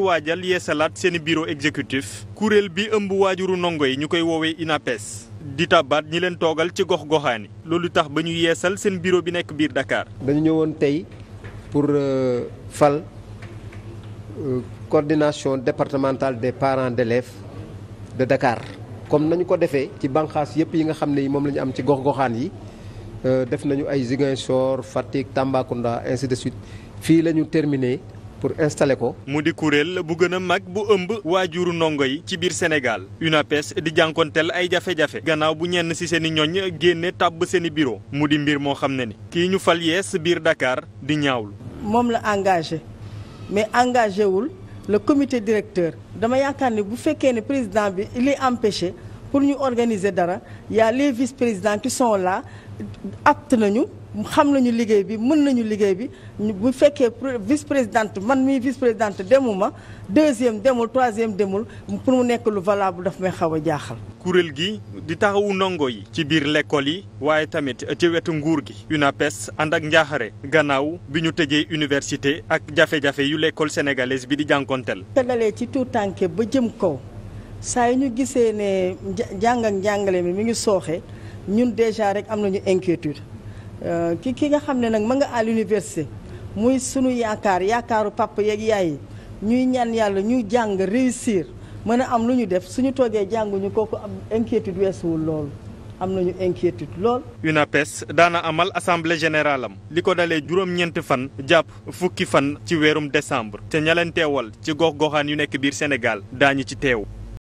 waajal yeesalaat seeni bureau exécutif kuréel bi ëmb waajuru ndongo yi ñu koy woowee INAPES di tabaat ñi leen toogal ci gox goxaani loolu tax ba ñu yeesal seen bureau bi nekk biir Dakar. dañu ñëwoon tey pour euh, fal euh, coordination départementale des parents d'élèves de Dakar comme nañu ko defee ci banqaas yëpp yi nga xam ne moom la ñu am ci gox goxaan yi. Euh, def nañu ay Ziguinchor Fatick Tambacounda ainsi de suite fii la ñu pour installer ko. mu di kuréel bu gën a mag bu ëmb waajuru ndongo yi ci biir Sénégal UNAPES di jànkonteel ay jafe-jafe gannaaw bu ñenn ci seen i ñoñ génne tàbb seen i bureau mu di mbir moo xam ne ni kii ñu fal yees biir Dakar di ñaawlu. moom la engagé mais engagé wul le comité directeur dama yaakaar ne bu fekkee ne président bi il est pour ñu organiser dara y a les vice-présidents qui sont là nañu xam nañu liggéey bi mën nañu liggéey bi bu fekkee vice-présidente man mii vice-présidente ma deuxième demul troisième demul pour mu nekk lu valable daf may xaw a jaaxal. kuréel gi di taxawu ndongo yi. ci biir lekkool yi waaye tamit ci wetu nguur gi. UNAPES ànd ak njaaxare gannaaw bi ñu tëjee université ak jafe-jafe yu lekkool sénégalaise bi di jànkonteel. tegalee ci tuutànke ba jëm kaw. saa yi ñu gisee ne jàng ak njàngale mi mi ngi sooxe ñun déjà rek am nañu inquiétude euh, ki ki nga xam ne nag mën nga à l'université muy sunu yaakaar yaakaaru papa yeeg yaay ñuy ñaan yàlla ñu jàng réussir mën a am lu ñu def suñu toogee jànguñu kooku am inquiétude weesuwul loolu am na nañu inquiétude lool. UNAPES daana amal assemble générale am li ko dalee juróom-ñeenti fan jàpp fukki fan ci weerum décembre te ñaleen teewal ci gox-goxaan yu nekk biir Sénégal daañu ci teew.